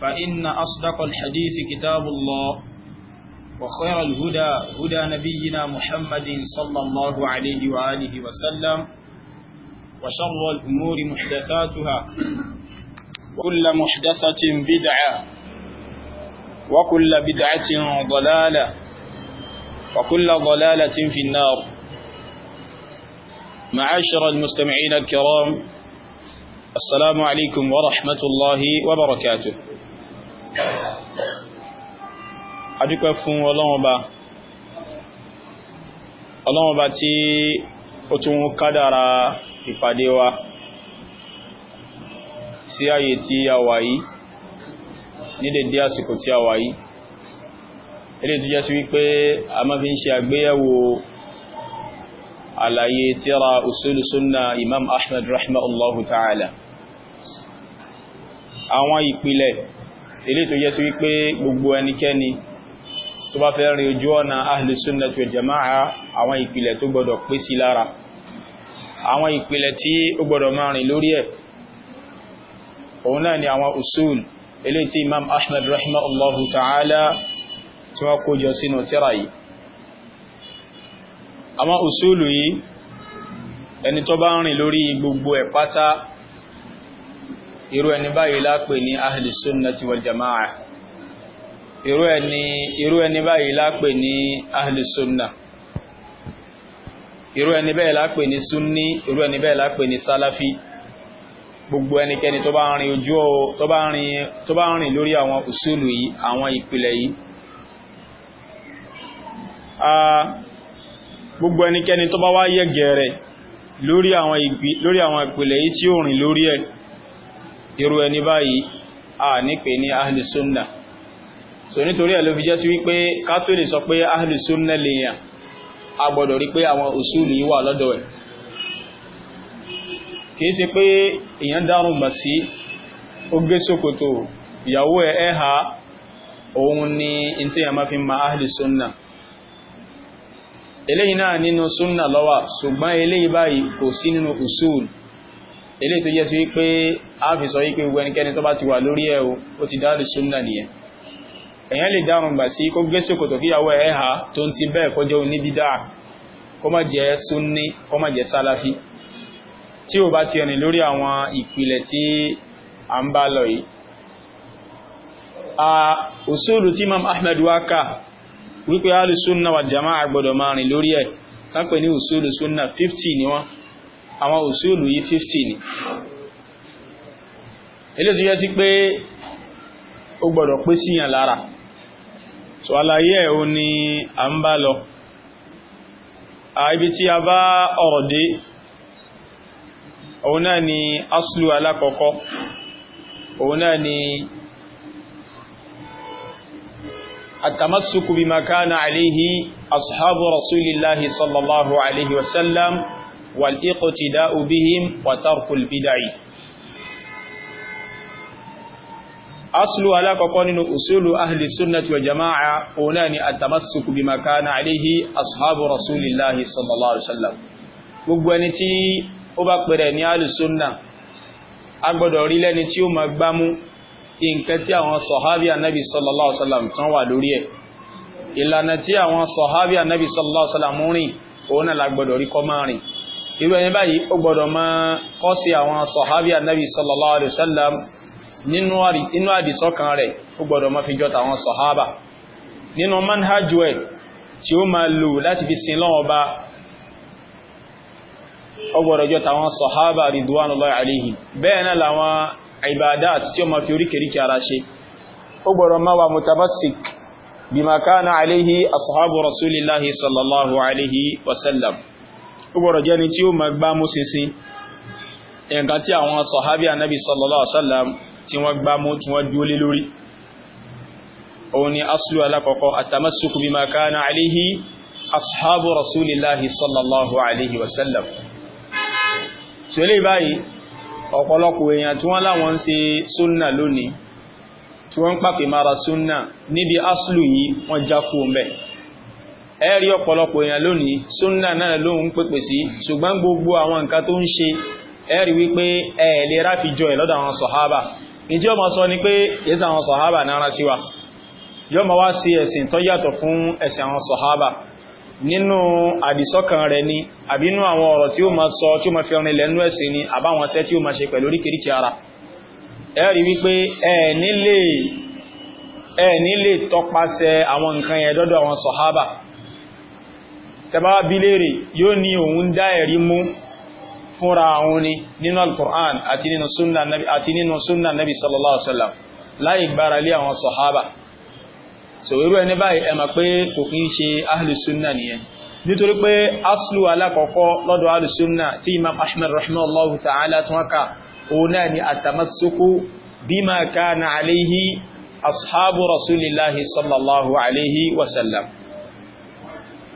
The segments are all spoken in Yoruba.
فإن أصدق الحديث كتاب الله وخير الهدى هدى نبينا محمد صلى الله عليه وآله وسلم وشر الأمور محدثاتها وكل محدثة بدعة وكل بدعة ضلالة وكل ضلالة في النار معاشر المستمعين الكرام السلام عليكم ورحمة الله وبركاته adúpẹ́ fún ọlọ́wọ́ba ọlọ́wọ́ba tí ó tún kádàrà ìpàdé wa sí ayé tí a wà yìí ní dédé àsìkò tí a wà yìí ilé tó jẹ́ sí wípé a máa fi ń ṣe àgbéyẹ̀wò àlàyé tírà usulu sunna imam ahmad rahimahullahu ta'ala àwọn ìpìlẹ̀ ilé tó yẹ sí wípé gbogbo ẹnikẹ́ni tó bá fẹ́ rin ojú ọ̀nà ahlus sunnah wal jama'a àwọn ìpìlẹ̀ tó gbọdọ̀ pé sí lára àwọn ìpìlẹ̀ tí ó gbọdọ̀ máa rìn lórí ẹ̀ òun náà ni àwọn usul ilé tí imam ahmad Allahu ta'ala tí wọ́n kó jọ sínú tírà yìí àwọn usulu yìí ẹni tó bá rìn lórí gbogbo ẹ̀ pátá irú ẹni báyìí lápè ní ahli sunnati wal jama'a irú ẹni irú ẹni báyìí lápè ní ahli sunna irú ẹni bẹ́ẹ̀ lápè ní sunni irú ẹni bẹ́ẹ̀ lápè ní salafi gbogbo ẹnikẹ́ni tó bá rìn ojú ọ tó bá rìn tó bá lórí àwọn usulu yìí àwọn ìpìlẹ̀ yìí gbogbo ẹnikẹ́ni tó bá wá yẹ gẹ̀ẹ́rẹ̀ lórí àwọn ìpìlẹ̀ yìí tí ó rìn lórí ẹ̀ irú ẹni báyìí a nípe ní ahli sunna so nítorí ẹ̀ ló fi jẹ́ sí wípé ká tó lè sọ pé ahli sunna lèèyàn a gbọ́dọ̀ rí pé àwọn usuli wà lọ́dọ̀ ẹ̀ kìí ṣe pé èèyàn dárùn mà sí ó sókòtò ìyàwó ẹ̀ ẹ̀ha òun ni in fi ma ahli sunna eléyìí náà nínú sunna lọ́wà ṣùgbọ́n eléyìí báyìí kò sí nínú usul ilé tó yẹ sí wípé a fi sọ wípé gbogbo ẹnikẹ́ni tó bá ti wà lórí ẹ̀ o ti dáàlù súnnà nìyẹn èyàn lè dárùn gbà sí kó gẹ́sẹ̀ kò tó kíyàwó ẹ̀ ha tó ń ti bẹ́ẹ̀ kó jẹ́ oníbídà kó má jẹ́ súnní kó má jẹ́ sálàfí tí ó bá ti rìn lórí àwọn ìpìlẹ̀ tí a ń bá lọ yìí a usulu tí Imam Ahmed waka wípé alùsúnnà wà jama'a gbọdọ̀ máa rìn lórí ẹ̀ lápẹ̀ ní usulu súnnà 50 ni wọ́n àwọn òṣèlú yìí 50 ni ilé tó yẹ sí pé ó gbọ́dọ̀ pé síyàn lára so àlàyé ẹ̀ o ni a ń bá lọ ibi tí a bá ọ̀rọ̀ dé òun náà ni aslu alákọ̀ọ́kọ́ òun náà ni التمسك بما كان عليه أصحاب رسول الله صلى الله عليه وسلم والاقتداء بهم وترك البدع أصل على قوانين أصول أهل السنة والجماعة أولان التمسك بما كان عليه أصحاب رسول الله صلى الله عليه وسلم gbogbo ẹni tí ó bá pẹ̀rẹ̀ ní alùsùnà a gbọ́dọ̀ rí lẹ́ni tí ó ma gbámú nǹkan tí àwọn sọ̀hábí ànábì sallallahu alaihi wasallam tán wà lórí ẹ̀ ìlànà tí àwọn sọ̀hábí ànábì sallallahu alaihi irú ẹni báyìí ó gbọ́dọ̀ máa kọ́ sí àwọn sọ̀hábí ànábì sallallahu alaihi wasallam nínú àdìsọ́kan rẹ̀ ó gbọ́dọ̀ máa fi jọ tàwọn sọ̀hábà nínú manhaj ẹ̀ tí ó máa lò láti fi sin lọ́wọ́ bá ó gbọ́dọ̀ jọ tàwọn sọ̀hábà ridwanullahi alaihim bẹ́ẹ̀ náà làwọn ibadat tí ó máa fi oríkèríkè ara ṣe ó gbọ́dọ̀ jẹ́ni tí ó máa gbá mú ṣinṣin nǹkan tí àwọn sọ̀hábí anábì sallallahu alaihi wasallam tí wọ́n gbá mú tí wọ́n dúó lé lórí òun ni aslu alákọ̀ọ́kọ́ atamassuku bima kana alayhi ashabu rasulillahi sallallahu alaihi wasallam tí ó lè báyìí ọ̀pọ̀lọpọ̀ èèyàn tí wọ́n láwọn ń ṣe súnnà lónìí ẹ̀rí ọ̀pọ̀lọpọ̀ èèyàn lónìí súnnà náà ló ń pèpè sí ṣùgbọ́n gbogbo àwọn nǹkan tó ń ṣe ẹ̀rí wípé ẹ̀ẹ̀lẹ́ ráfi jọ ẹ̀ lọ́dọ̀ àwọn sọ̀hábà ìjí ọmọ sọ ni pé èsì àwọn sọ̀hábà nára síwá ni àbínú àwọn ọ̀rọ̀ tí ó ma sọ tí ó ma fi ọrin lẹ́nu ẹ̀sìn ni àbáwọn ṣẹ́ tí ó ma ṣe ẹ̀rí wípé ẹ̀ẹ̀ní lè tọpasẹ̀ àwọn nǹkan yẹn àwọn sọ̀hábà tẹbáwà bí léèrè yóò ní òun dá ẹ̀rí mú fúnra òun ni nínú al-Qur'an àti nínú sunna nabi àti nínú sunna nabi sallallahu alaihi wasallam láì gbára lé àwọn sahaba so irú ẹni báyìí ẹ mọ̀ pé kò kí ń ṣe ahlu sunna nìyẹn nítorí pé aslu alákọ̀ọ́kọ́ lọ́dọ̀ ahlu sunna tí imam ahmed rahimahullahu ta'ala tún wákà òun náà ni àtàmásókú bima kana alayhi ashabu rasulillahi sallallahu alaihi wasallam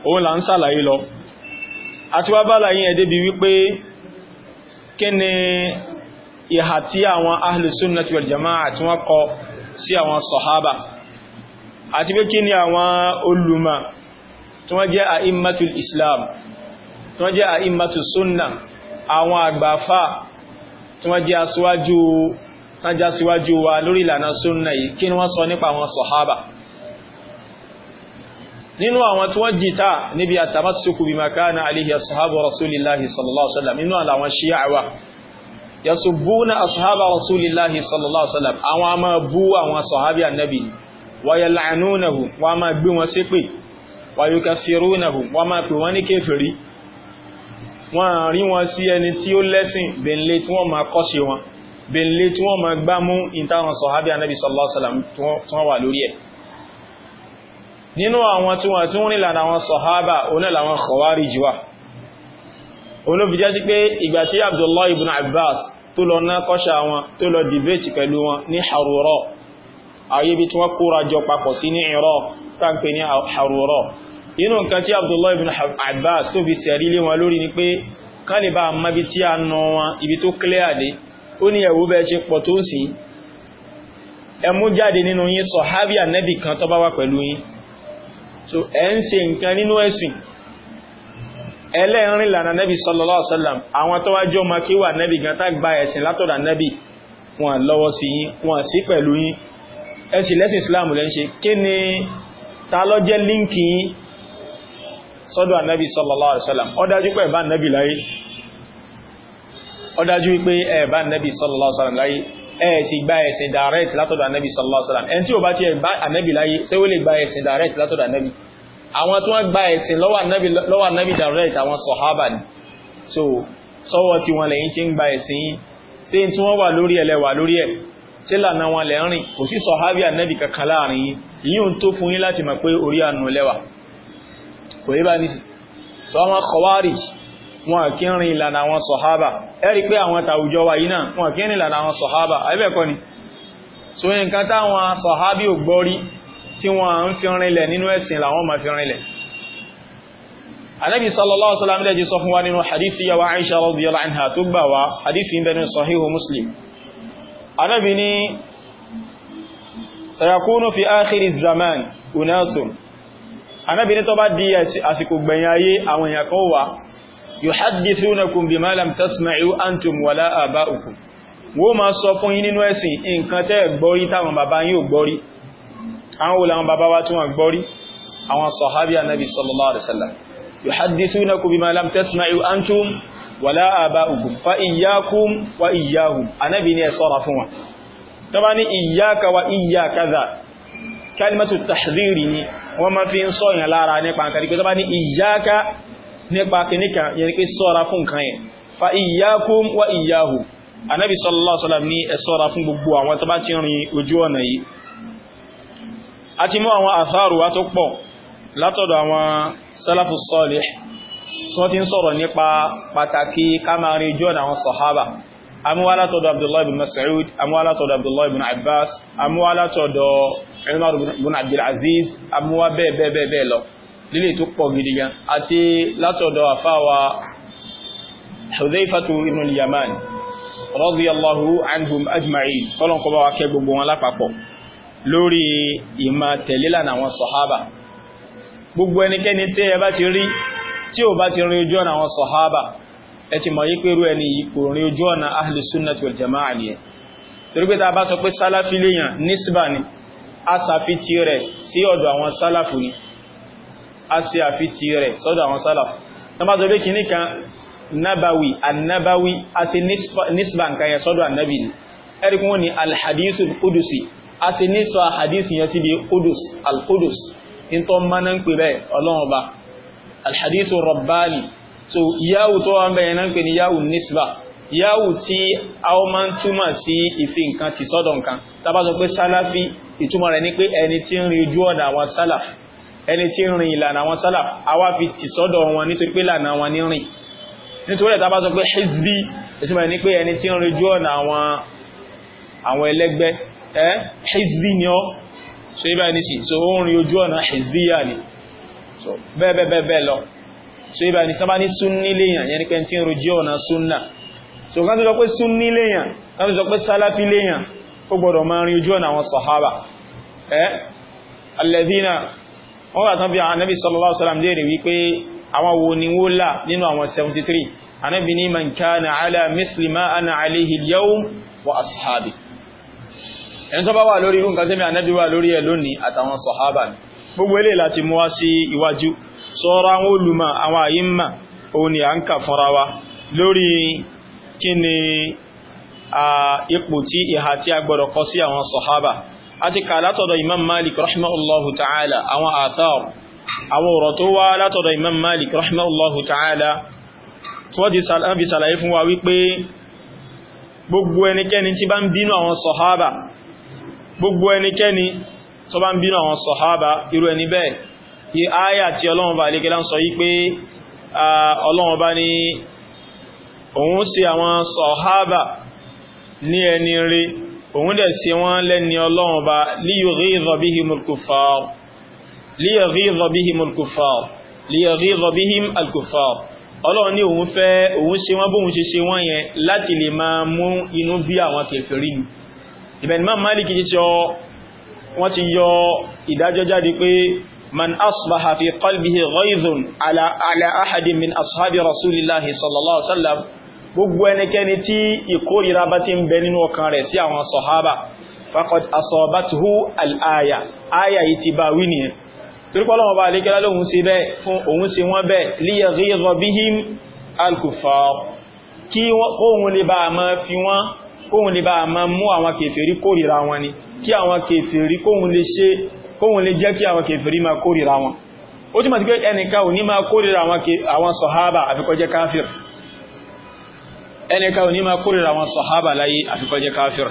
òun là ń sàlàyé lọ àti wá bá láyé ẹ̀dẹ́ bí wípé kí ni ìhà tí àwọn ahlu sunnati jama'a tí wọ́n kọ sí àwọn sọ̀hábà àti pé kí ni àwọn olùmọ̀ tí wọ́n jẹ́ a'immatul islam tí wọ́n jẹ́ a'immatul sunna àwọn àgbàfà tí wọ́n jẹ́ aṣíwájú wa lórí ìlànà sunna yìí kí ni wọ́n sọ nípa àwọn sọ̀hábà nínú àwọn tí wọ́n jìta níbi àtàmásùkú bí makana alihi asahabu rasulillahi sallallahu alaihi wasallam nínú àwọn shi'a wa yasubuna asahaba rasulillahi sallallahu alaihi wasallam àwọn a máa bú àwọn sahabi annabi ni wa yal'anunahu wa máa gbé wọn ṣépè wa yukaffirunahu wa máa pè wọ́n ní kèfèrí wọ́n rí wọn sí ẹni tí ó lẹ́sìn bẹ̀lẹ̀ tí wọ́n máa kọ́ṣe wọn bẹ̀lẹ̀ tí wọ́n máa gbámú ìtàwọn sahabi annabi sallallahu alaihi tí wọ́n wà lórí ẹ̀ nínú àwọn tí wọ́n tún nílànà àwọn sọ̀hábà onílàwọn khawarij wà olóbi jẹ́ sí pé ìgbà tí Abdullah ibn Abbas tó lọ ná kọ́ṣà wọn tó lọ dìbẹ́tì pẹ̀lú wọn ní Harura ayébi tí wọ́n kóra jọ papọ̀ sí ní Iraq tánpé ní Harura inú nǹkan tí Abdullah ibn Abbas tó fi sẹ̀rí lé wọn lórí ni pé kán lè bá mọ́bí tí a nà wọn ibi tó kílẹ̀ ó ní ẹ̀wú bẹ́ẹ̀ so ẹ ń ṣe nǹkan nínú ẹ̀sìn ẹlẹ́rin lànà nẹ́bí sallallahu alaihi wasallam àwọn tó wájú ọmọ kí wà nẹ́bí gan tá gba ẹ̀sìn látọ̀dà nẹ́bí wọn lọ́wọ́ sí yín wọn sí pẹ̀lú yín ẹ̀sìn lẹ́sìn islam lẹ́ ń ṣe kí ni ta lọ sallallahu alaihi wasallam ó dájú pé ẹ̀bá nẹ́bí láyé ó dájú sallallahu alaihi wasallam láyé ẹ̀ẹ̀sì gba ẹ̀sìn direct látọ̀dọ̀ anẹ́bì sallallahu alaihi wasallam ẹni tí ó bá ti ẹ̀gbá anẹ́bì láyé ṣé ó lè gba ẹ̀sìn direct látọ̀dọ̀ anẹ́bì àwọn tí wọ́n gba ẹ̀sìn lọ́wọ́ anẹ́bì direct àwọn sọ̀hábà ni so sọ́wọ́ tí wọ́n lẹ́yìn tí ń gba ẹ̀sìn yìí ṣé tí wọ́n wà lórí ẹ̀ lẹ́wà lórí ẹ̀ ṣé lànà wọn lẹ́ rìn kò sí sọ̀hábì anẹ́bì kankan láàrin yìí yìí ń tó fún yín láti mọ̀ pé orí àánú lẹ́wà kò yí bá ní sọ àwọn wọn kí ń rìn ìlànà àwọn sọ̀hábà ẹ̀rí pé àwọn tàwùjọ wà yìí náà wọn kí ń rìn ìlànà àwọn sọ̀hábà àìbẹ̀kọ́ ni so nǹkan táwọn sọ̀hábí ò gbọ́rí tí wọ́n ń fi rinlẹ̀ nínú ẹ̀sìn làwọn ma fi rinlẹ̀ Ànábì sallallahu alaihi wasallam lẹ́jì sọ fún wa nínú hadithi yawa Aisha radiyallahu anha tó gbà wá hadithi ń bẹ nínú tó bá di àsìkò gbẹ̀yìn ayé àwọn èèyàn kan wà yuhaddithunakum bima lam tasma'u antum wala aba'ukum wọ́n máa sọ fún yín nínú ẹ̀sìn nǹkan tẹ́ gbọ́rí táwọn bàbá yín ò gbọ́rí àwọn wo làwọn bàbá wa tí wọ́n gbọ́rí àwọn sọ̀hábí anábi sallallahu alaihi wasallam yuhaddithunakum bima lam tasma'u antum wala aba'ukum fa iyyakum wa iyyahum anábi ni ẹ ṣọ́ra fún wa tó iyyaka wa iyya kaza kalimatu tahdhiri ni wọ́n máa fi ń sọ yàn lára nípa nǹkan tó bá ní iyyaka nípa kìníkà yẹ pé sọ́ra fún nǹkan yẹn fa iyyakum wa iyyahu anábì sallallahu alaihi wasallam ní ẹ sọ́ra fún gbogbo àwọn tó bá ti rin ojú ọ̀nà yìí a ti mú àwọn àtharu wa tó pọ̀ látọ̀dọ̀ àwọn salafu salih tó ti ń sọ̀rọ̀ nípa pàtàkì kámarin ojú ọ̀nà àwọn sahaba amúwálá tọ́dọ̀ abdullahi lílè tó pọ̀ gidigan àti látọ̀dọ̀ àfáwà Hudhaifatu ibn al-Yaman radiyallahu anhum ajma'in kọ́lọ̀n kọba wa kẹ gbogbo wọn lápapọ̀ lórí ìmá tẹ̀lélànà àwọn sọ̀hábà gbogbo ẹnikẹ́ni tẹ́ ẹ bá ti rí tí ó bá ti rí ojú ọ̀nà àwọn sọ̀hábà ẹ ti mọ̀ yí pé rú ẹni kò rí ojú ọ̀nà ahlu jama'a ni ẹ torí ta bá sọ pé ni a sàfi ti rẹ̀ sí ọ̀dọ̀ àwọn sálàfù Asi sí àfitì rẹ̀ sọ́dọ̀ àwọn sálà tọ́bá tó bí kì ní kan nabawi annabawi á sí nisba nǹkan yẹn sọ́dọ̀ annabi ni ẹ̀rìkún wọn ni alhadisul kudusi á sí nisba hadith yẹn sí bí kudus alkudus in tó mana ń pè bẹ́ẹ̀ ọlọ́run ba alhadisul rabbani so yáwù tó wà bẹ́ẹ̀ náà ń pè ní yáwù nisba yáwù tí a ó máa ń túmọ̀ sí ìfi nǹkan ti sọ́dọ̀ nǹkan tàbá sọ pé sálàfí ìtumọ̀ rẹ̀ ní pé ẹni tí ń rí ojú ọ̀nà àwọn sálàfí ẹni tí rìn ìlànà àwọn salaf àwa fi tì sọ́dọ̀ wọn nítorí pé ìlànà wọn ní rìn nítorí ẹ̀ta bá sọ pé hizbi ìtumọ̀ ní pé ẹni tí ń rìnjú ọ̀nà àwọn ẹlẹ́gbẹ́ ẹ́ ni ọ́ so ibá ní sí so ó ń rin ojú ọ̀nà hizbi yà ní so sunni léyàn yẹn ni pé tí ń rìnjú ọ̀nà sunna so ká tó sọ sunni léyàn ká tó sọ pé salafi léyàn ó gbọ́dọ̀ máa rin ojú ọ̀nà sahaba ẹ́ wọ́n wà tán bí anábì sallallahu alaihi wasallam léèrè wípé àwọn wo ni wó là nínú àwọn 73 anábì ní man kana ala mithli ma ana alayhi al-yawm wa ashabi ẹni tó bá wà lórí irú nǹkan tẹ́mi anábì wà lórí ẹ̀ lónìí àtàwọn sọ̀hábà ni gbogbo ilé láti mú wá sí ń kà fọ́ra wa lórí kí ni ipò tí ìhà àti kà látọ̀dọ̀ imam malik rahimahullahu ta'ala àwọn àtàr àwọn ọ̀rọ̀ tó wá látọ̀dọ̀ imam malik rahimahullahu ta'ala tó wọ́n di sàlàyé fún wa wípé gbogbo ẹnikẹ́ni tí bá ń bínú àwọn sọ̀hábà gbogbo ẹnikẹ́ni tó bá ń bínú àwọn sọ̀hábà irú ẹni bẹ́ẹ̀ yí ẹni rí òun dẹ̀ ṣe wọ́n lẹ́ni ọlọ́run ba liyughiza bihim al-kuffar liyughiza bihim al-kuffar liyughiza bihim al-kuffar ọlọ́run ní òun fẹ́ òun ṣe wọ́n bóun ṣe ṣe wọ́n yẹn láti lè máa mú inú bí àwọn kèfèrí ni ìbẹ̀ni máa máa líkì ṣíṣọ́ wọ́n ti yọ ìdájọ́ jáde pé man asbaha fi qalbihi ghaizun ala ahadin min ashabi rasulillahi sallallahu alaihi wasallam gbogbo ẹnikẹ́ni tí ìkórira bá ti ń bẹ nínú ọkàn rẹ̀ sí àwọn sọ̀hábà faqad asabatuhu alaya aya aya yìí ti bá wí nìyẹn torípọ́lọ́wọ́ bá alékẹ́lá lóhun sí bẹ́ fún òun sí wọ́n bẹ́ liyaghiza bihim al-kuffar kí kóhun lè bá ma fi wọ́n kóhun lè bá ma mú àwọn kèfèrí kórìra wọn ni kí àwọn kèfèrí kóhun lè ṣe kóhun lè jẹ́ kí àwọn ẹnìkan ò ní máa kórìíra àwọn sọ̀hábà láyé àfikọ́jẹ́ káfíìr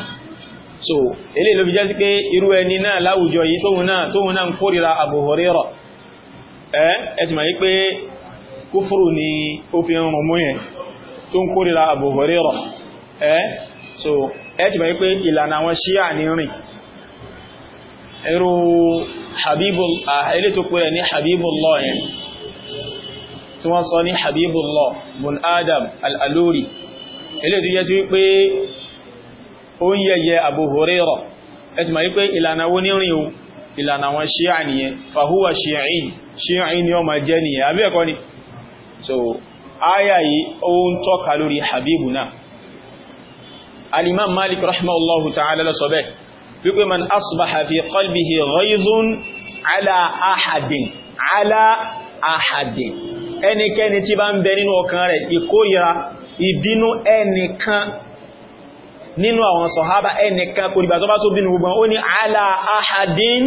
so eléyìí ló fi jẹ́ sí pé irú ẹni náà láwùjọ yìí tóhun náà tóhun náà ń kórìíra Abu Hurairah ẹ́ ẹ̀tì máa yí pé kúfùrù ni ó fi ń rùn mú tó ń kórìíra Abu ẹ́ so ẹ̀tì máa yí pé ìlànà àwọn ṣíà ní rìn irú Habibullah yẹn tí wọ́n sọ ní Habibullah bun Adam al-Aluri al ilé tó yẹ sí pé ó ń yẹyẹ Abu Hurairah ẹ̀tì máa wípé ìlànà wo ní rìn o ìlànà wọn ṣíà nìyẹn fahuwa ṣíàìn ṣíàìn ni ó ni so áyà yìí ó ń tọ́ka lórí habibu náà al-Imam Malik rahimahullahu ta'ala lọ sọ bẹ́ẹ̀ wípé man asbaha fi qalbihi ghaizun ala ahadin tí bá ń bẹ nínú ọkàn rẹ̀ ìkórira ìbínú ẹnìkan nínú àwọn sọ̀hábà ẹnìkan kò dìgbà tó bá tó bínú gbogbo ó ní ala ahadin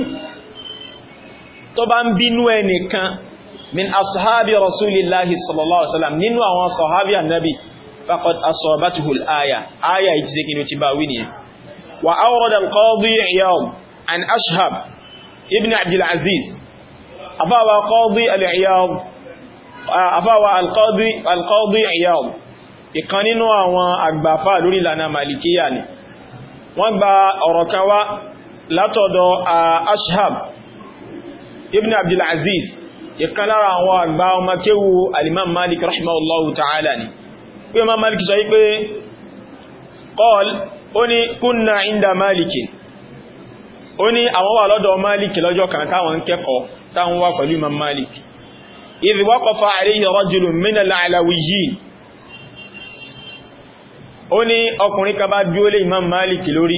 tó bá ń bínú ẹnìkan min ashabi rasulillahi sallallahu alaihi wasallam nínú àwọn sọ̀hábì annabi faqad asabatuhu al-aya aya ìjíṣẹ́ kí ni ó ti bá wí ìkan nínú àwọn àgbàfà lórí ìlànà malikiya ni wọ́n gba ọ̀rọ̀ kan wá látọ̀dọ̀ ashab ibn abdulaziz ìkan lára àwọn àgbà ọmọ kéwú alimam malik rahimahullahu ta'ala ni pé ma malik sọ wípé qal ó ní kúnnà inda maliki ó ní àwọn wà lọ́dọ̀ malik lọ́jọ́ kan táwọn kẹ́kọ̀ọ́ táwọn wà pẹ̀lú imam malik idh waqafa alayhi rajulun min al ó ní ọkùnrin kan bá dúó lé Imam Malik lórí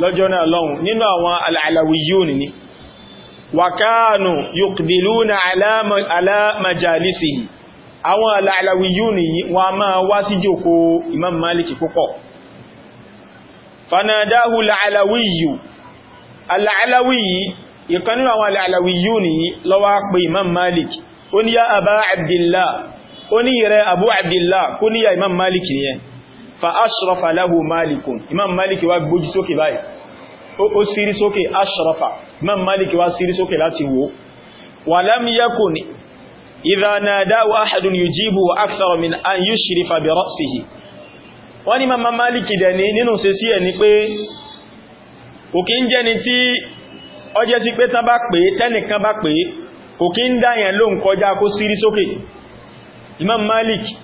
lọ́jọ́ náà lọ́hun nínú àwọn alàlàwíyún ni wàkánù yuqbiluna ala majalisihi àwọn alàlàwíyún yìí wọ́n máa wá sí jòkó Imam Malik púpọ̀ fanadahu alàlàwíyù alàlàwíyì ìkan nínú àwọn alàlàwíyún yìí ló wá pe Imam Malik ó ní ya Aba Abdillah ó ní ìrẹ Abu Abdillah kó fa ashrafa lahu malikun imam maliki wá gbójú sókè báyìí ó sírí sókè ashrafa imam maliki wá sírí sókè láti wo wa lam yakun idha nadahu ahadun yujibu wa akthar min an yushrifa bi ra'sihi wọ́n imam maliki dẹ̀ ní nínú ṣe sí ẹ̀ ni pé kò kí ń jẹ́ni tí ọjẹ́ sí pé tán bá pè tẹ́nìkan bá pè kò kí ń dáyàn lóhùn kọjá kó sírí sókè imam maliki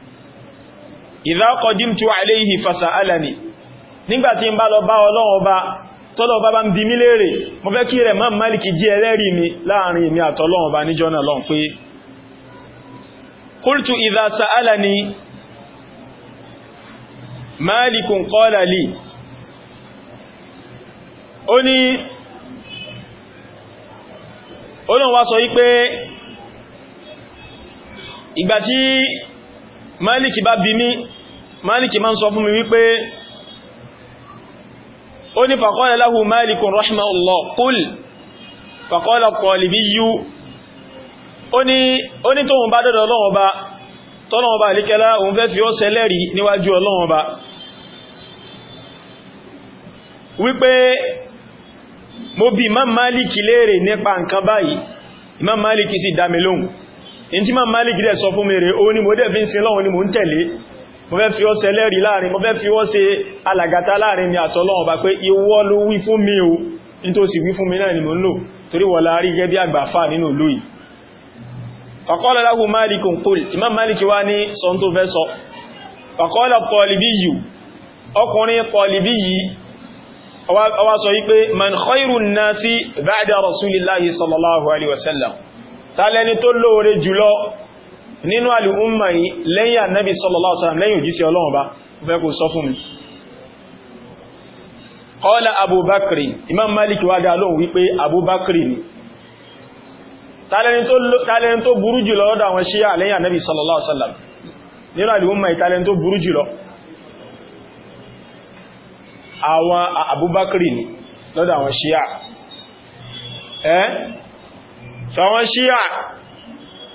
idha qadimtu alayhi fasa'alani nígbàtí ń bá lọ bá ọlọ́run ọba tọ́lọ̀ ọba bá ń bi mí léèrè mo fẹ́ kí rẹ̀ máa máàlìkì jí ẹlẹ́rìí mi láàrin èmi àtọ́lọ́run ọba níjọ́ Málìkì bá bí mí Málìkì máa ń sọ fún mi wípé ó ní faqala lahu Málikun rahimahullah qul faqala at-Talibiyyu ó ní tóhun bá dọ́dọ̀ Ọlọ́run Ọba tọ́lọ́run Ọba àlíkẹ́lá òun fẹ́ fi ó sẹlẹ́rì níwájú Ọlọ́run Ọba wípé mo bi Imam Málìkì léèrè nípa nǹkan báyìí Imam Málìkì sì dá in ti ma Malik dẹ̀ sọ fún mẹ́rẹ̀ o ni mo dẹ̀ fi ń sin lọ́wọ́ ni mo ń tẹ̀lé mo fẹ́ fi ọsẹ lẹ́rì láàrin mo fẹ́ fi ọ ṣe alàgàtà láàrin ni àtọ́lọ́wọ́ bá pé ìwọ ló wí fún mi o ní tó sì wí fún mi náà ni mo ń lò torí wọ láàrí gẹ́ bí àgbàfà nínú ìlú Imam Malik wá ní sọ tó fẹ́ sọ fàkọ́lá pọ̀lìbí yìí ọkùnrin pọ̀lìbí yìí ọwá sọ wípé man sallallahu alaihi wasallam tálẹ́ni tó lóore jùlọ nínú alìhúnmà yìí lẹ́yìn alaihi lẹ́yìn òjísí ọlọ́run bá fẹ́ kò sọ fún mi imam malik wá dá lóhùn wípé abubakri ni tálẹ́ni tó burú jùlọ lọ́dọ̀ àwọn ṣíyà lẹ́yìn alaihi so àwọn ṣíyà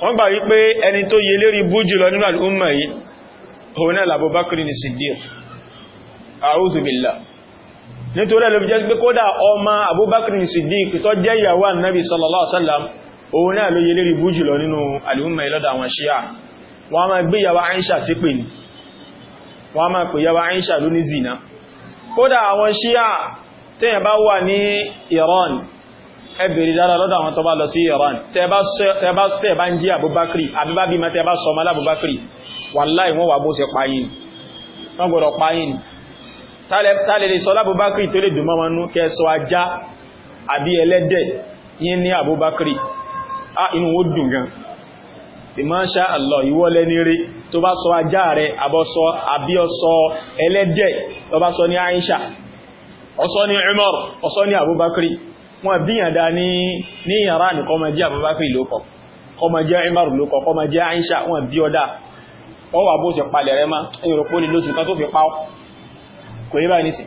wọ́n gbà wípé ẹni tó yẹ lérí bú jùlọ nínú al'umma yìí òun náà l'Abubakar ni Siddiq a'udhu billah nítorí ẹ̀lọ́ fi jẹ́ pé kódà ọmọ Abubakar ni Siddiq tó jẹ́ ìyàwó annabi sallallahu alaihi wasallam òun náà ló yẹ lérí bú jùlọ nínú al'umma yìí lọ́dọ̀ àwọn ẹbìrì dára lọ́dọ̀ àwọn tó bá lọ sí Iran tẹ́ bá ń jí Abubakri àbíbá bí ma tẹ́ bá sọ mọ́lá Abubakri wàláì wọ́n wà bó ṣe pààyìn wọ́n gbọ́dọ̀ pààyìn tààlẹ̀ lè sọ lábúbákìrì tó lè dùn mọ́mọ́ nú kẹsọ ajá àbí ẹlẹ́dẹ̀ yín ní Abubakri á inú ó dùn gan ìmáṣá Allah ìwọ́lẹ́ ní rí tó bá sọ Umar ọsọ ní Abubakri wọn bíyànda ní ní yàrá ní kọmọ jẹ́ àbúbákì lókọ̀ kọmọ jẹ́ Umar lókọ̀ kọmọ jẹ́ Aisha wọn bí ọdá ọ wà bó ṣe palẹ̀ rẹ má ẹ̀yọ̀rọ̀pọ̀ ní lóṣù kan tó fi pàó kò yí bá ní sí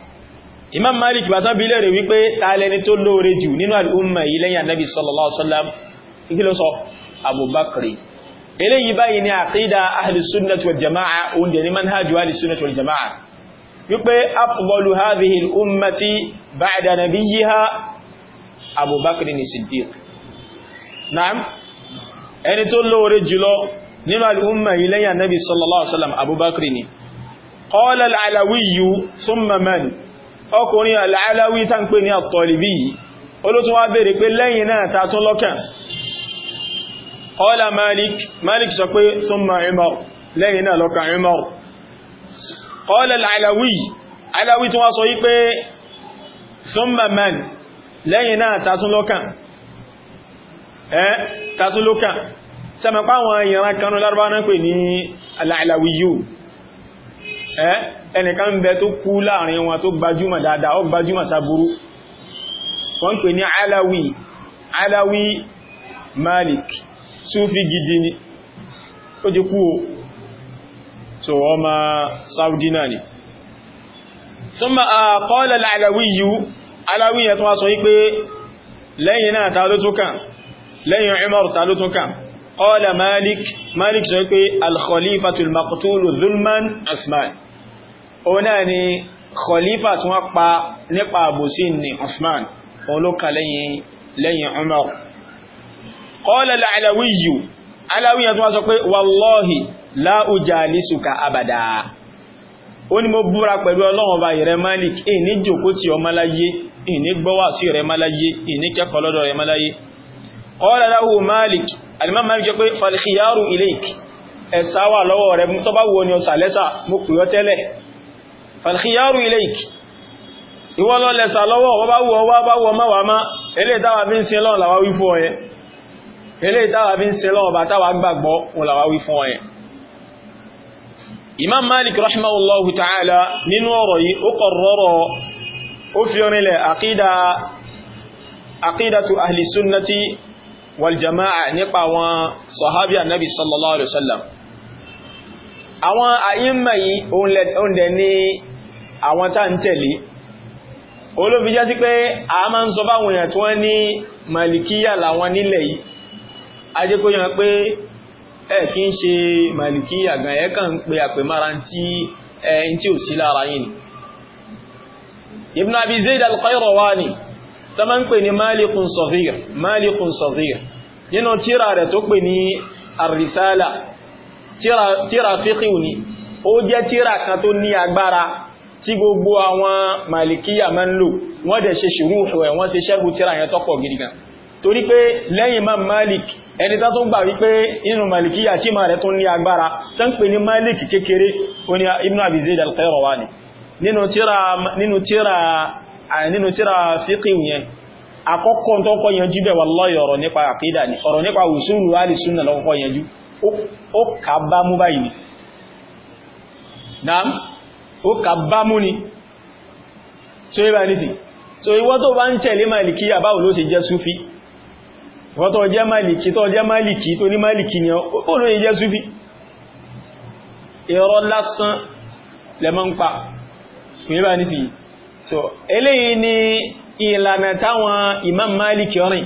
Imam Malik bàtán bí lẹ́rẹ̀ wípé tààlẹ́ni tó lóore jù nínú al'umma yìí lẹ́yìn Annabi sallallahu alaihi wasallam ìkílọ́sọ Abubakri eléyìí báyìí ni àkídà ahìlìsúnnàtí Abubakar ni Siddiq naam ẹni tó lóore jùlọ nínú al'umma yìí lẹ́yìn annabi sallallahu alaihi wasallam Abubakar ni qala al-alawiyyu thumma man ọkùnrin al'alawi tá ń pè ní at-Talibi olótún wá bèèrè pé lẹ́yìn náà ta tún lọ́kàn qala Malik Malik sọ pé thumma Umar lẹ́yìn náà lọ́kàn Umar qala al-alawi tún wá sọ yí pé thumma man lẹ́yìn náà tatúnlọ́kàn ẹ́ tatúnlọ́kàn sẹ́mẹ̀pá àwọn ìran kanú lárúbá náà pè ní aláìláwíyù ẹ́ ẹnìkan bẹ tó kú láàrin wọn tó gbajúmọ̀ dáadáa ó gbajúmọ̀ sáburú wọ́n pè ní aláwí aláwí malik súfí gidi ni ó ti kú o so ọmọ saudi ni ثم قال العلوي aláwí yẹn tó wá sọ wípé lẹ́yìn náà ta ló tún kàn lẹ́yìn Umar ta ló tún kàn qala Malik Malik sọ wípé al-khalifatul maqtulu zulman Usman òun náà ni khalifa tí wọ́n pa nípa àbòsí ni Usman òun ló kàn lẹ́yìn lẹ́yìn Umar qala al-Alawiyyu aláwí yẹn tó wá sọ pé wallahi la ujalisuka abada ó ní mo búra pẹ̀lú ọlọ́run ọba ìrẹ Malik èyí ní jòkó tí ọmọ láyé ìní gbọ́wà sí rẹ̀ máláyé ìní kẹ́kọ̀ọ́ lọ́dọ̀ rẹ̀ máláyé qala lahu Malik alimam Malik jẹ́ pé falkhiyaru ilayk ẹ̀sá wà lọ́wọ́ rẹ̀ tó bá wo ni ọ̀sà lẹ́sà mú kùyọ tẹ́lẹ̀ falkhiyaru ilayk ìwọ́ lọ lẹ́sà lọ́wọ́ wọ́n bá wọ wá bá wọ máwàá má ilé ìdáwà bí ń sin lọ́n làwá ó fi rinlẹ̀ àkídà àkídàtu ahli sunnati wal jama'a nípa àwọn sahabi annabi sallallahu alaihi wasallam àwọn àyíma yìí òun dẹ̀ ní àwọn tá ń tẹ̀lé olóbi jẹ́ sí pé a máa ń sọ báwọn èèyàn tí wọ́n ní malikiya làwọn nílẹ̀ yìí a pé ẹ kí ń ṣe malikiya gan ẹ̀ẹ́kàn ń pe àpèmára tí ẹ̀ ń tí ò sí lára yìí ibn abi zayd al-qayrawani tó máa ń pè ní malikun saghir malikun saghir nínú tírà rẹ̀ tó pè ní ar-risala tírà fiqhu ni ó jẹ́ tírà kan tó ní agbára tí gbogbo àwọn malikiya máa ń lò wọ́n dẹ̀ ṣe ṣùrúhù ẹ̀ wọ́n ṣe ṣẹ́gun tírà yẹn tọ́pọ̀ gidi gan torí pé lẹ́yìn Imam Malik ẹni tá tó gbà wípé malikiya tí ma rẹ̀ tó ní agbára tán pè ní Malik kékeré ó Ibn Abi Zayd al-Qayrawani nínú tíra fíkíwù yẹn àkọ́kọ́ tó kọ́ yanjú bẹ̀ wallahi nípa àkídà ni ọ̀rọ̀ nípa usulu ahli sunna lọ́kọ́kọ́ yanjú ó kà bá mú báyìí ni naam ó kà bá mú ni tó yíba ní sí so ìwọ́ tó bá ń tẹ̀lé màlìkí àbáwò ló ṣe jẹ́ súfí ìwọ́ tó jẹ́ màlìkí tó jẹ́ màlìkí tó ní ni ó ló ṣe jẹ́ súfí ìrọ́ lásán lẹ́mọ́ kìíbà ní sí so eléyìí ni ìlànà táwọn imam malik rìn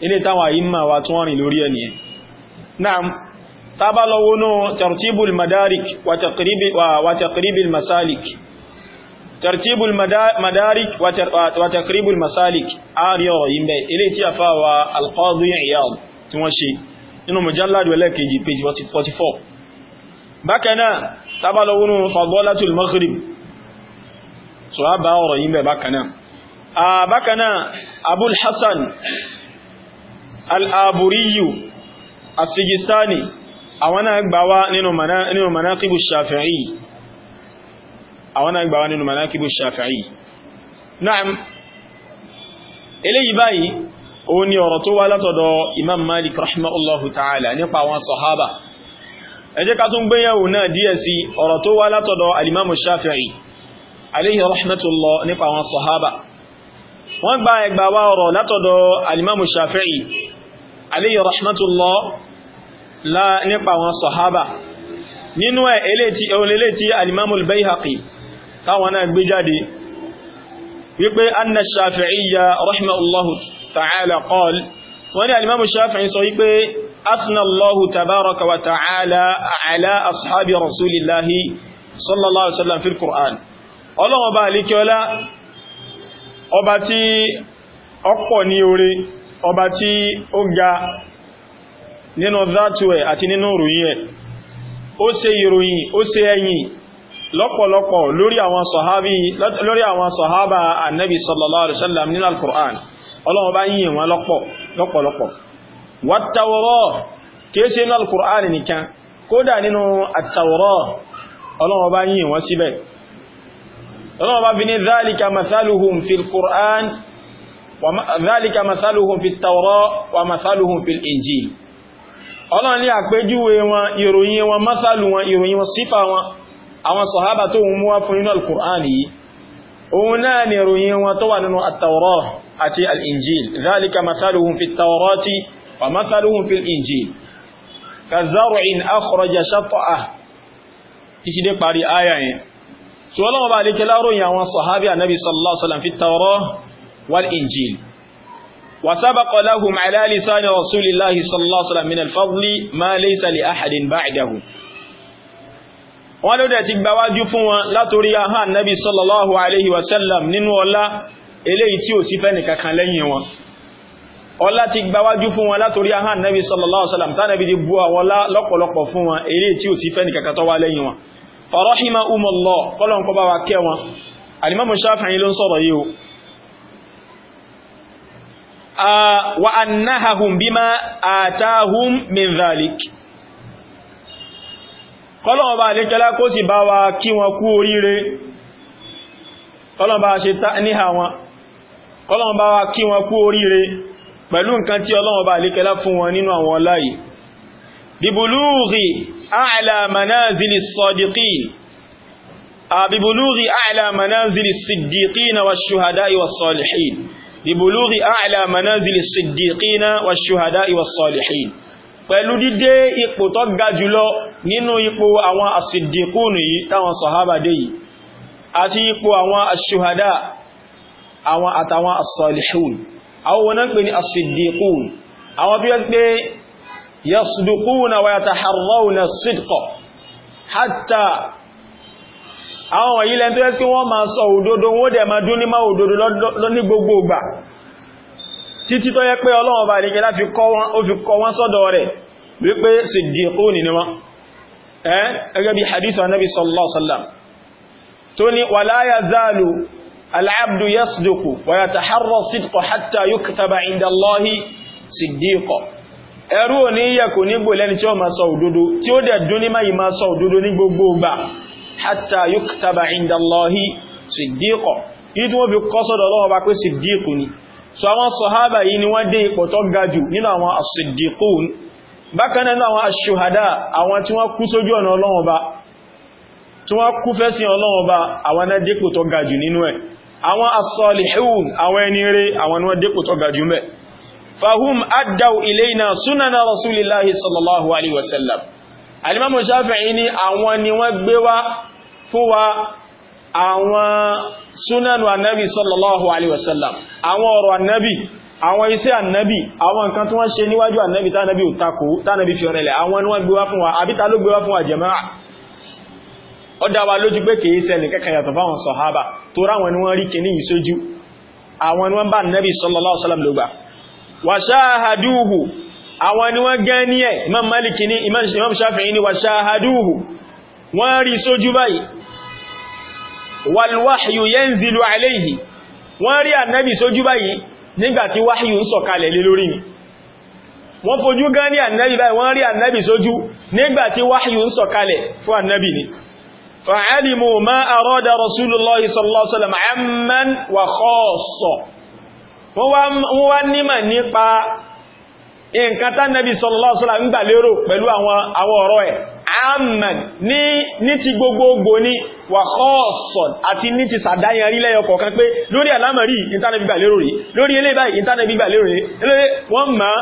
ilé táwọn àyíma wa tún rìn lórí ẹni náà tábà lọ́wọ́ náà tartibul madarik wa taqribil masalik ترتيب المدارك وتقريب المسالك آر يو يمبي إليتي أفاوى القاضي عياض تمشي إنه مجلد ولك يجي بيج 44 بكنا تبالون فضولة المغرب so a bá ọ̀rọ̀ yìí bẹ̀ bákanáà a bákanáà abul hassan al'aburiyu a sigistani àwọn náà gbawa nínú manakibu shafi'i àwọn náà gbawa nínú manakibu shafi'i na'am eléyìí báyìí ó ní ọ̀rọ̀ tó wá látọ̀dọ̀ imam malik rahimahullahu ta'ala nípa àwọn sahaba ẹ jẹ́ ká tún gbéyàwó náà díẹ̀ sí ọ̀rọ̀ tó wá látọ̀dọ̀ alimamu shafi'i aléyìn rahmatullah nípa àwọn sahaba wọ́n gba ẹgbà wá ọ̀rọ̀ látọ̀dọ̀ alimamu shafi'i aléyìn rahmatullah la nípa àwọn sahaba nínú ẹ̀ eléyìí tí alimamu albayhaqi táwọn náà gbé jáde wípé anna shafi'iyya rahmatullahu ta'ala qal wọ́n ni alimamu shafi'i sọ wípé أثنى الله تبارك وتعالى على أصحاب رسول الله صلى الله عليه وسلم في القرآن ọlọ́wọ́n bá alékiọlá ọba tí ọpọ̀ ní orí ọba tí ó ga nínú dhatu ẹ̀ àti nínú ìròyìn ẹ̀ ó ṣe ìròyìn ó ṣe ẹ̀yìn lọ́pọ̀lọpọ̀ lórí àwọn sàhábí annabi sallallahu alaihi wasallam nínú al-Qur'an ọlọ́wọ́n bá yìn wọn lọ́pọ̀lọpọ̀ wat-Tawrah kìí ṣe nínú al-Qur'an nìkan kódà nínú at ọlọ́wọ́ bá fi ní dhalika mathaluhum fil Qur'an dhalika mathaluhum fit Tawra wa mathaluhum fil Injil ọlọ́run ní àpéjúwe wọn ìròyìn wọn masalu wọn ìròyìn wọn sífà wọn àwọn sọ̀hábà tó mú wá fún inú al-Qur'an yìí òun náà ni ìròyìn wọn tó wà nínú at àti al-Injil dhalika mathaluhum fit Tawrati wa mathaluhum fil Injil ka zar'in akhraja shat'ahu títí dé parí áyà yẹn so ọlọ́wọ́ bá lè kí láróyìn àwọn sọ̀hábí ànábì sallallahu alaihi wasallam fi tawrah وسبق لهم على رسول الله صلى من الفضل ما ليس لأحد بعده wọ́n ló dẹ̀ ti gbáwájú fún wọn látorí ahán nabi sallallahu alaihi wasallam nínú ọlá eléyìí tí ò sí fẹ́ni kankan lẹ́yìn wọn ọlá ti gbáwájú fún wọn látorí ahán nabi sallallahu alaihi wasallam di bú àwọn lọ́pọ̀lọpọ̀ fún wọn eléyìí tí ò sí fẹ́ni kankan tó lẹ́yìn wọn farahima umọ̀lọ́ kọ́lọ̀n kọba wa kẹwọn alimamu shafi'i ló ń sọ̀rọ̀ yíò wa annahahum bima atahum min zalik kọ́lọ̀n ọba alékẹ́lá kó sì bá wa kí wọn kú oríire kọ́lọ̀n bá ṣe níhà wọn kọ́lọ̀n bá wa kí wọn kú oríire pẹ̀lú nǹkan tí ọlọ́wọ́ bá alékẹ́lá fún wọn nínú àwọn ọlá yìí أعلى منازل الصادقين ببلوغ أعلى منازل الصديقين والشهداء والصالحين ببلوغ أعلى منازل الصديقين والشهداء والصالحين pẹ̀lú dídé ipò tó ga jùlọ nínú ipò àwọn àsìdìkúnù yìí táwọn sọ̀hábà dé yìí àti ipò àwọn aṣùhádá àwọn àtàwọn asọ̀lẹ̀hùn àwọn wọn pè ní àsìdìkúnù àwọn bí ó pé يصدقون ويتحرون الصدق حتى àwọn yìí lẹ́n tó yẹ́ sí wọ́n máa sọ òdodo wọ́n dẹ̀ máa dún ní máa òdodo lọ́ní gbogbo ìgbà títí tó yẹ pé Ọlọ́run bá lè láti kọ wọ́n sọ́dọ̀ rẹ̀ wípé siddiqun ni wọ́n ẹgẹ́ bí hadithu annabi sallallahu alaihi wasallam tó ní wala yazalu al-abdu yasduqu wa yataharra sidqa hatta yuktaba inda Allahi siddiqa ẹrú ò ní yẹ kò ní gbò lẹ́ni tí ó máa sọ òdodo tí ó dẹ̀ dún ní máyìí máa sọ òdodo ní gbogbo ìgbà hatta yuktaba inda Allahi siddiqo yìí tí wọ́n fi kọ́ sọ́dọ̀ lọ́wọ́ bá pé siddiqu ni so àwọn sọ̀hábà yìí ni wọ́n dé ipò tó ga jù nínú àwọn as-siddiqun bákan àwọn ẹni wọ́n dépò tó ga fahum addaw ilayna sunana rasulillahi sallallahu alaihi wasallam alimamu shafi'i ni àwọn ni wọ́n gbé wá fún wa àwọn sunanu annabi sallallahu alaihi wasallam àwọn ọ̀rọ̀ annabi àwọn iṣẹ́ annabi àwọn nǹkan tí wọ́n ṣe níwájú annabi ta annabi utako ta annabi fi onele àwọn ni wọ́n gbé wá fún wa àbí ta ló gbé wá fún wa jama'a ó dá wa lójú pé kìí ṣe nǹkan kan yàtọ̀ fáwọn sahaba tó ra wọn ni wọ́n rí kìíní ìṣojú àwọn ni wọ́n bá annabi sallallahu alaihi wasallam ló gbà wa shahaduhu àwọn ni wọ́n gẹ́ ní ẹ̀ imam maliki ni imam shafi'i ni wa shahaduhu wọ́n rí sójú báyìí wal wahyu yanzilu alayhi wọ́n rí annabi sójú báyìí nígbàtí wáhíyù ń sọ̀kalẹ̀ lé lórí ni wọ́n fojú gan ní annabi wọ́n wá nímọ̀ nípa nǹkan tán nẹ́bí sọlọ́sọ́lá ń gbà lérò pẹ̀lú àwọn ọ̀rọ̀ ẹ̀ amman ní ti gbogbogbò ní wàhọ́ọ̀sọ̀n àti ní ti sàdáyàn rí lẹ́yọ kọ̀ọ̀kan pé lórí àlámọ̀rí ìntánẹ́bí gbà lérò rí lórí ilé báyìí ìntánẹ́bí gbà lérò rí wọ́n mọ̀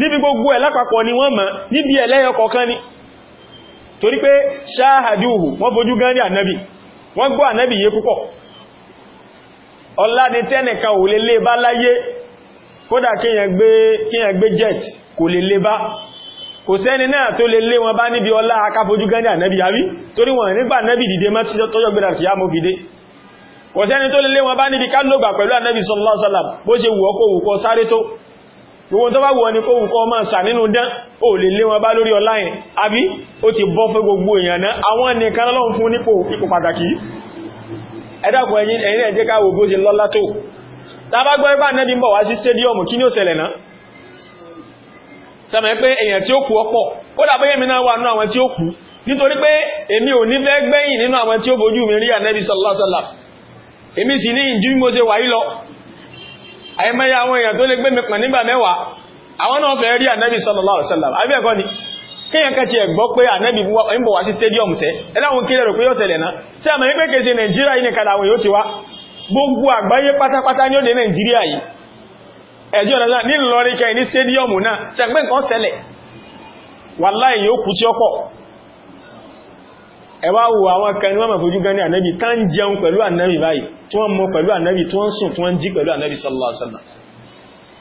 níbi gbogbo ẹ̀ lápapọ̀ ni wọ́n mọ̀ níbi ẹlẹ́yọ kọ̀ọ̀kan ni torí pé ṣáhàdúhù wọ́n fojú gan ní ànábì wọ́n gbọ́ ànábì yé ọlá ni tẹ́nìkan ò lè lé bá láyé kódà kíyàn gbé jet kò lè lé bá kò sẹ́ni náà tó lè lé wọn bá níbi ọlá akáfojú gánà ànábì àrí torí wọn nígbà nábì dìde má tí tọ́jọ́ gbẹ̀rẹ̀ kìí àmó tó lè sallallahu alaihi wasallam bó ṣe wù ọ́ kó wù kó sáré tó gbogbo tó bá wù ọ́ ni kó wù kó máa sà nínú dán ó lè lé wọn bá lórí ọlá ẹ̀dàkùn ẹ̀yìn ẹ̀yìn ẹ̀jẹ́ káwò bó ṣe lọ́lá tó tàbá gbọ́ ipá nẹ́bí ń bọ̀ wá sí stadiumu kí ní ó ṣẹlẹ̀ náà sẹ́mẹ̀ pé èyàn tí ó kú ọ̀pọ̀ emi pé èmi náà wà nínú àwọn tí ó kú nítorí pé èmi ò ní fẹ́ gbẹ̀yìn nínú àwọn tí ó bojú mi rí ànẹ́bí sọlọ́sọlá kíyàn kan ti ẹ̀gbọ́ pé ànẹ́bì ń bọ̀ wá sí stadium sẹ́ ẹláwọn kílẹ̀ rò pé yóò ṣẹlẹ̀ náà tí a mọ̀ ní pé kèsì nàìjíríà yìí nìkan àwọn yóò ti wá gbogbo àgbáyé pátápátá ní ó dé nàìjíríà yìí ẹjọ́ ọ̀nà ní lọrí kẹ́ ní stadium náà tí a pẹ́ nǹkan ṣẹlẹ̀ wàláì yóò kú tí ó pọ̀ ẹ wá wo àwọn kan ní wọ́n mọ̀ gan ní jẹun pẹ̀lú báyìí tí sallallahu alaihi wasallam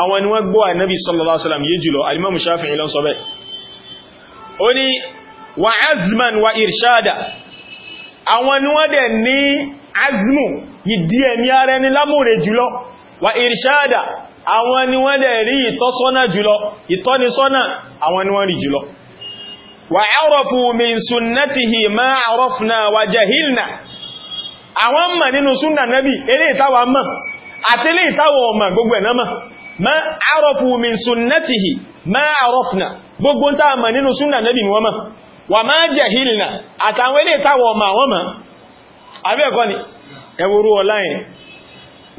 àwọn ni wọ́n gbọ́ ànábì sallallahu alaihi wasallam yé jùlọ alimamu Shafi'i ló sọ bẹ́ẹ̀ ó ní wa azman wa irshada àwọn ni wọ́n dẹ̀ ní azmu ìdí ẹ̀mí ara ẹni lámòrè jùlọ wa irshada àwọn ni wọ́n dẹ̀ rí ìtọ́sọ́nà jùlọ ìtọ́nisọ́nà àwọn ni wọ́n rí jùlọ mọ̀ nínú súnnà nábì eré ìtawà mọ̀ àti ilé ìtawà ọmọ gbogbo ẹ̀nà mọ̀ ma arafu min sunnatihi ma arafna gbogbo ta ma nínú sunna nabi mi wama wa ma jahilna àtàwọn ilé ìtawọ̀ ma wama abẹ́ ẹ̀kọ́ ni ẹwúrú ọlá yẹn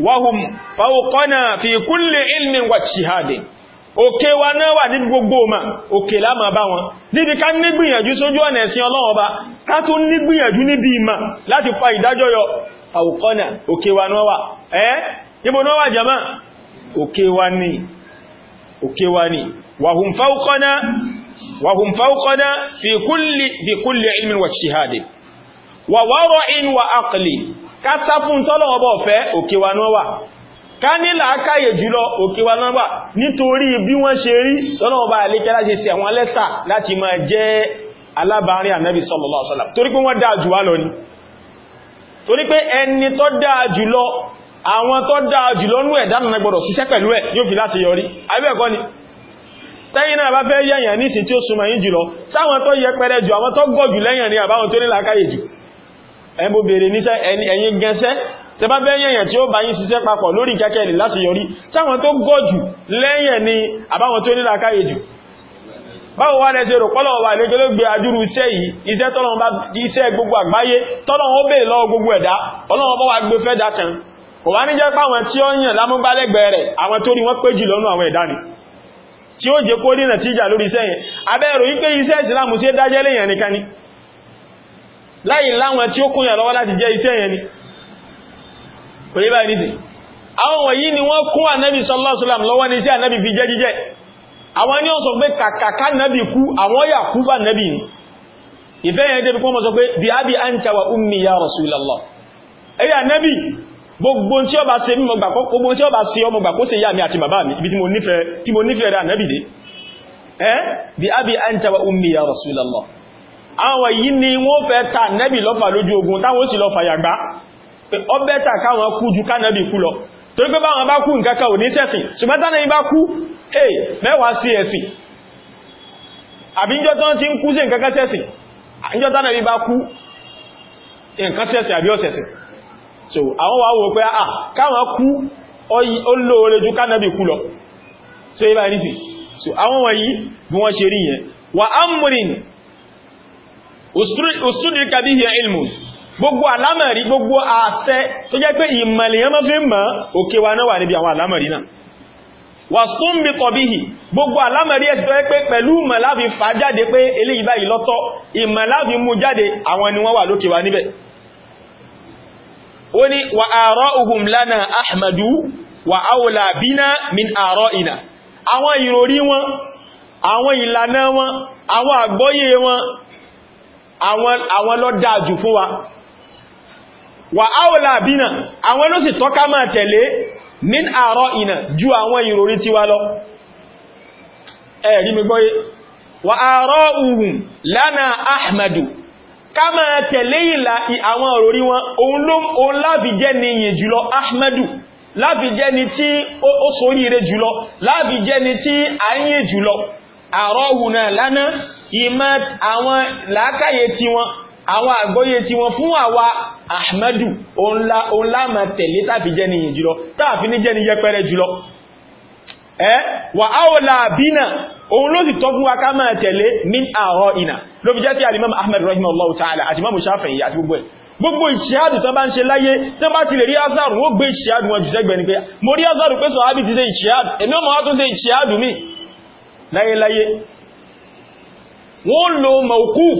wahum fawqana fi kulli ilmin wa shihadin òkè wa náà wà níbi gbogbo ma òkè láàmà bá wọn níbi soju nígbìyànjú sójú ọ̀nà ẹ̀sìn Ọlọ́run Ọba ká tún nígbìyànjú níbi ìmà láti pa ìdájọ́ yọ fawqana òkè wa náà wà ẹ́ ibo náà wà jama òkè wa ní òkè wa ní wàhùn fáúkọ́ná wàhùn fáúkọ́ná fi kulli fi kulli ilmin wa shihadi wà wọ́rọ̀ in wa aqli ká sá fún tọ́lọ̀wọ́ bọ̀ fẹ́ òkè wa náà wà ká ní làákàyè jùlọ òkè wa náà wà nítorí bí wọ́n ṣe rí tọ́lọ̀wọ́ bá àlékẹ́ àwọn tó dáa jùlọ nú ẹ̀dá náà gbọ́dọ̀ ṣiṣẹ́ pẹ̀lú ẹ̀ yóò fi láti yọrí àbẹ́ẹ̀kọ́ ni tẹ́yìn náà bá fẹ́ yẹ̀yàn nísìn tí ó súnmọ̀ yín jùlọ sáwọn tó yẹ pẹ̀rẹ̀ jù àwọn tó gọ̀ jù lẹ́yìn ni àbáwọn tó ní làákàyè jù ẹbò bèèrè níṣẹ́ ẹ̀yìn gẹnṣẹ́ tẹ bá fẹ́ yẹ̀yàn tí ó bá yín ṣiṣẹ́ papọ̀ lórí kẹ́kẹ́ lè láti yọrí sáwọn ni àbáwọn tó ní làákàyè jù báwo wá lẹ́sẹ̀ rò pọ́lọ̀ wà lẹ́gbẹ́ ló gbé adúrú iṣẹ́ yìí iṣẹ́ tọ́lọ́run bá iṣẹ́ gbogbo àgbáyé tọ́lọ́run ó bèèrè lọ́wọ́ gbogbo ẹ̀dá ọlọ́run bá wà gbé fẹ́ dá kò wá ní jẹ́ páwọn tí ó yàn lámúgbálẹ́gbẹ̀ẹ́ rẹ̀ àwọn tó rí wọ́n pé jù lọ́nà àwọn ẹ̀dá ni tí ó jẹ́ kó dínà tí ìjà lórí iṣẹ́ yẹn abẹ́rò wípé iṣẹ́ ìsìlámù sí dájẹ́ lèyàn nìkan ni láì láwọn tí ó kúnyà lọ́wọ́ láti jẹ́ iṣẹ́ yẹn ni kò yí báyìí nìsìn àwọn wọ̀nyí ni wọ́n kún fi jẹ́ jíjẹ́ àwọn ó sọ pé kàkàkà kú àwọn yà kú bá ni ìfẹ́ wa ummi ya rasulallah ẹ̀yà gbogbo tí ó bá ṣe mímọ̀ gbàkọ́ gbogbo tí ó bá ọmọ gbàkọ́ mi àti bàbá mi ibi tí mo nifere tí mo nífẹ̀ẹ́ rẹ̀ ànábì ẹ́ bí abi anta wa ummi ya rasulallah àwọn yìí ni wọ́n fẹ́ ta ànábì lọ́fà lójú ogun táwọn sì lọ́fà yàgbá ọbẹ́ ta káwọn kú ju kánàbì kú lọ torí pé báwọn bá kú nǹkan kan ò ní sẹ́sìn ṣùgbọ́n bá kú ẹ̀ mẹ́wàá sí ẹ̀sìn àbí ti ń kú sí nǹkan kan sẹ́sìn bá kú nǹkan sẹ́sìn àbí ọ̀sẹ̀sìn so àwọn wà wò pé à ah, káwọn kú ó lóore ju kánàbì kú lọ so ibà ní sí so àwọn wọ̀nyí bí wọ́n ṣe rí yẹn wà ámùrin òsúdìríkà bí i ilmù gbogbo alámẹ̀rí gbogbo àṣẹ tó jẹ́ pé ìmọ̀lẹ̀ yẹn mọ́ fi ń mọ́ òkè wa náà wà níbi àwọn alámẹ̀rí náà wà súnbí kọ̀bíhì gbogbo alámẹ̀rí ẹ̀sì rẹ̀ pé pẹ̀lú ìmọ̀láfi fà jáde ó ní wà àárọ̀ ohun lánàá ahmadu wà áwòlà bíná min àárọ̀ ìnà àwọn ìròrí wọn àwọn ìlànà wọn àwọn àgbọ́yé wọn àwọn ló dáa jù fún wa wà áwòlà bíná àwọn ló sì tọ́ká máa tẹ̀lé min àárọ̀ ìnà ju àwọn ìròrí tiwa lọ ẹ̀rí mi gbọ́yé wà àárọ̀ ohun lánàá ahmadu ká máa tẹ̀lé ìlà àwọn òròrí wọn òun ló òun láàbí jẹ́ ni yìn jùlọ ahmadu láàbí jẹ́ ni tí ó sórí ire jùlọ láàbí jẹ́ ni tí a ń yìn jùlọ àrọ́hùnà lánà ìmá àwọn làákàyè ti wọn àwọn àgbóyè ti wọn fún àwa ahmadu òun láàmà ni yìn jùlọ tàbí ẹ́ wà áwọ̀lá bínà òun ló sì tọ́ fún wa ká máa tẹ̀lé min àrọ ìnà ló fi jẹ́ tí alimam ahmed rahimahullahu ta'ala àti mamu shafi'i àti gbogbo ẹ̀ gbogbo ìṣíhádù tán bá ń ṣe láyé tán bá ti lè rí azaru ó gbé ìṣíhádù wọn jù sẹ́gbẹ̀ pé mo rí azaru pé sọ ábì ti ṣe ìṣíhádù èmi ọmọ wá tó ṣe ìṣíhádù mi láyéláyé wọ́n lo mawkuf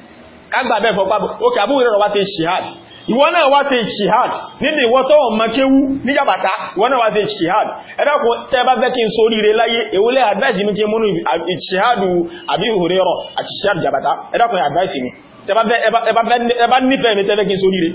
kágbà bẹ́ẹ̀ fọ́ pábọ̀ òkè àbúrò rẹ̀ wá ti ṣìhàd ìwọ náà wá ti ṣìhàd níbi ìwọ tó ọmọ kéwú níjàbàtà ìwọ náà wá ti ṣìhàd ẹ̀dàkùn tẹ́ bá fẹ́ kí n so ríire láyé èwúlẹ̀ advice mi kí múnú ìṣìhàdù àbí ìhòrè rọ̀ àti ṣìhàdù jàbàtà ẹ̀dàkùn advice mi ẹbá nífẹ̀ẹ́ mi tẹ́fẹ́ kí n so ríire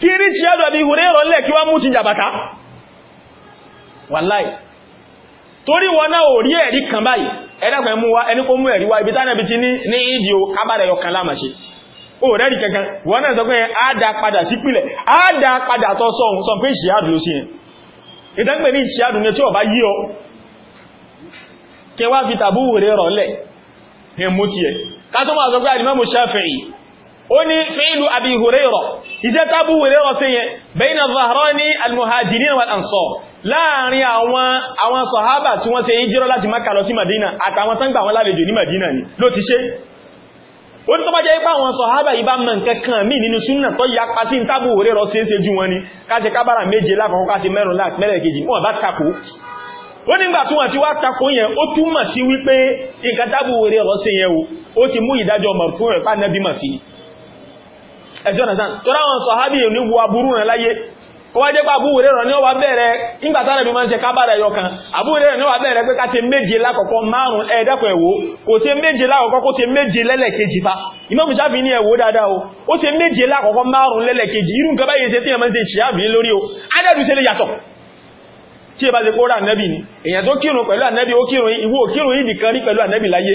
kiri ci yadda bi hure ro le ki wa mutin jabaka wallahi tori wona o ri eri kan bayi e da pe mu wa eni mu eri wa ibi ta na bi ti ni ni idio ka ba yo kalama se o re ri kankan wona so pe a da pada si pile a da pada to so so pe si adu lo si yen idan pe ni si adu ne ti o ba yi o ke wa fi tabu hure ro le e mutiye ka to ma so pe imam ó ní fíìlú àbí Hurairah ìjẹ́ tábù Hurairah sí yẹn bayna dhahrani al-muhajirin wal-ansar láàrin àwọn sọ̀hábà tí wọ́n ṣe hijira láti Mákà lọ sí Madina àtàwọn tán gbà wọn lálejò ní Madina ni ló ti ṣe ó ní tó bá jẹ́ ipá àwọn sọ̀hábà ìbá mọ̀ nǹkankan mí nínú súnnà tó ya pa sí tábù Hurairah sí ṣe ju wọn ni káṣe kábàrà méje lákọ̀ọ́kọ́ káṣe mẹ́rin mẹ́rẹ̀kejì wọ́n bá takò ó nígbà tí wọ́n ti wá takò yẹn ó túmọ̀ sí wípé nǹkan tábù Hurairah sí yẹn o ó ti mú ìdájọ́ mọ̀rùkú rẹ̀ pá nẹ́bí mọ̀ ẹjọ́ nàzán tó ráwọn sọ̀hábì yìí ní wo aburú rẹ̀ láyé kó wá jẹ́ pé Abu Hurairah ni ó wá bẹ̀rẹ̀ nígbàtà rẹ̀ bí máa ń ṣe kábàrà ẹyọ kan Abu Hurairah ni ó wá bẹ̀rẹ̀ pé ká ṣe méje lákọ̀ọ́kọ́ márùn ẹ̀ẹ́dẹ́kọ̀ ẹ̀wò kò ṣe méje lákọ̀ọ́kọ́ kó ṣe méje lẹ́lẹ̀kejì fa Imam Shafi'i ní ẹ̀wò dáadáa o ó ṣe méje lákọ̀ọ́kọ́ márùn lẹ́lẹ̀kejì irú nǹkan báyìí ṣe tí ẹ̀mọ́ ṣe ṣìyàbí lórí o adẹ́dù ṣe lè yàtọ̀ tí ẹ bá ṣe kó rà nẹ́bì ni èèyàn tó kírun pẹ̀lú ànẹ́bì ó kírun ìwọ kírun ìdìkan rí pẹ̀lú ànẹ́bì láyé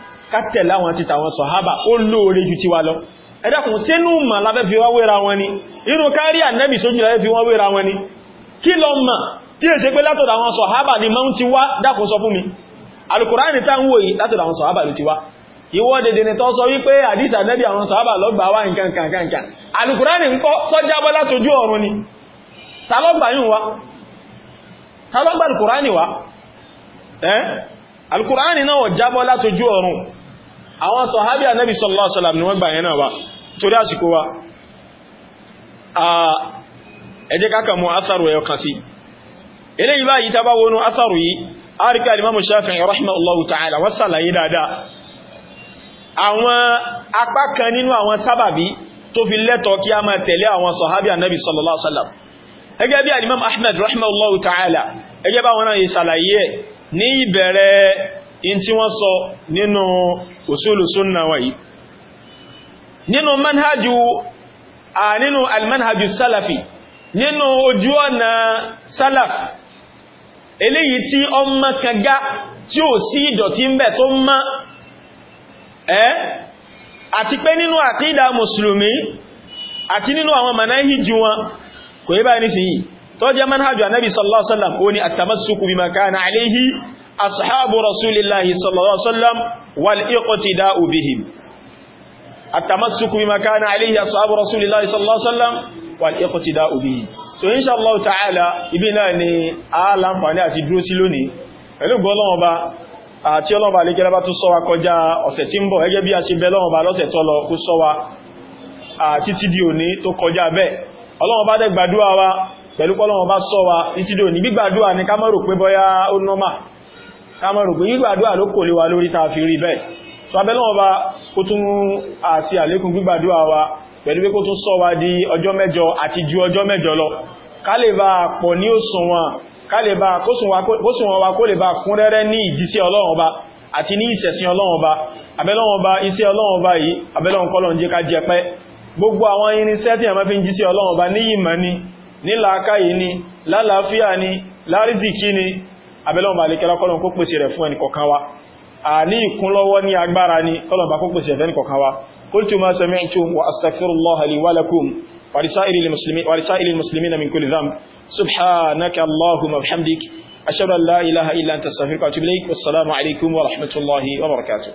kátẹ̀ láwọn títà wọn sọ̀hábà ó lóore ju tiwa lọ ẹ̀dàkùn sínú mà lábẹ́ fi wá wéra wọn ni inú kárí ànẹ́bì sójú lábẹ́ fi wọ́n wéra wọn ni kí lọ mà tí è ṣe pé látọ̀dà wọn sọ̀hábà ni máa ń ti wá dákùn sọ fún mi alukùránì tá ń wò yìí látọ̀dà wọn sọ̀hábà ni tó sọ wípé àdìsà nẹ́bì àwọn sọ̀hábà lọ gbà ni ta ló gbà yín náà jábọ́ látojú ọ̀run àwọn sọ̀hábí ànábì sallallahu alaihi wasallam ni wọ́n gbà yẹn náà wá torí àsìkò wa ẹ jẹ́ káka mọ́ asaru ẹ̀yọ kan sí eléyìí báyìí tá bá wọnú asaru yìí a rí pé alimamu Shafi'i rahimahullahu ta'ala wọ́n sàlàyé dáadáa àwọn apá kan nínú àwọn sábàbí tó fi lẹ́tọ̀ọ́ kí a máa tẹ̀lé àwọn sọ̀hábí ànábì sallallahu alaihi wasallam gẹ́gẹ́ in tí wọ́n sọ nínú usulu sunna wa nínú manhajú a nínú almanhajú salafi nínú ojú ọ̀nà salaf eléyìí tí ọmọ kanga tí ò sí ìdọ̀tí ń bẹ tó mọ́ ẹ́ àti pé nínú àkídà mùsùlùmí àti nínú àwọn manahiju wọn kò yí bá ní sí yìí tó jẹ́ manhajú anábi sallallahu ashabu rasulillahi sallallahu alaihi wasallam wal iqtida'u bihim at-tamassuku bima kana alayhi ashabu rasulillahi sallallahu alaihi wasallam wal iqtida'u bihim so inshallah ta'ala ibi náà ni a láǹfààní àti dúró sí lónìí pẹ̀lú gbọ́lọ́wọ́ ba àti ọlọ́wọ́ ba lè gẹ́lẹ́bá tó sọ wa kọjá ọ̀sẹ̀ tí ń bọ̀ ẹgẹ́ bí a ṣe bẹ lọ́wọ́ ba lọ́sẹ̀ tọ́lọ kó sọ wa títí di òní tó kọjá bẹ́ẹ̀ ọlọ́wọ́ bá dẹ̀ gbàdúrà wa pẹ̀lú pọ́lọ́wọ́ bá sọ wa di òní gbígbàdúrà ní ká má rò pé bọ́yá ká má rò pé gbígbàdúrà ló kò lè wa lórí ta fi rí bẹ́ẹ̀ so abẹ́lọ́wọ́ bá kó tún àti àlékún gbígbàdúrà wa pẹ̀lú pé kó tún sọ wa di ọjọ́ mẹ́jọ àti ju ọjọ́ mẹ́jọ lọ ká lè bá pọ̀ ní òṣùwọ̀n ká lè bá kóṣùwọ̀n wa kó lè bá kún rẹ́rẹ́ ní ìdíṣẹ́ Ọlọ́run ba àti ní ìṣẹ̀sìn Ọlọ́run ni nílàákàyè ni ni abẹ́lọ́wọ̀n bá lè kẹ́lá kọ́lọ̀ kó pèsè rẹ̀ fún ẹnìkọ̀kan wa a ní ìkúnlọ́wọ́ ní agbára ní kọ́lọ̀ bá kó pèsè rẹ̀ fẹ́nìkọ̀kan wa qultu ma sami'tu wa astaghfirullaha li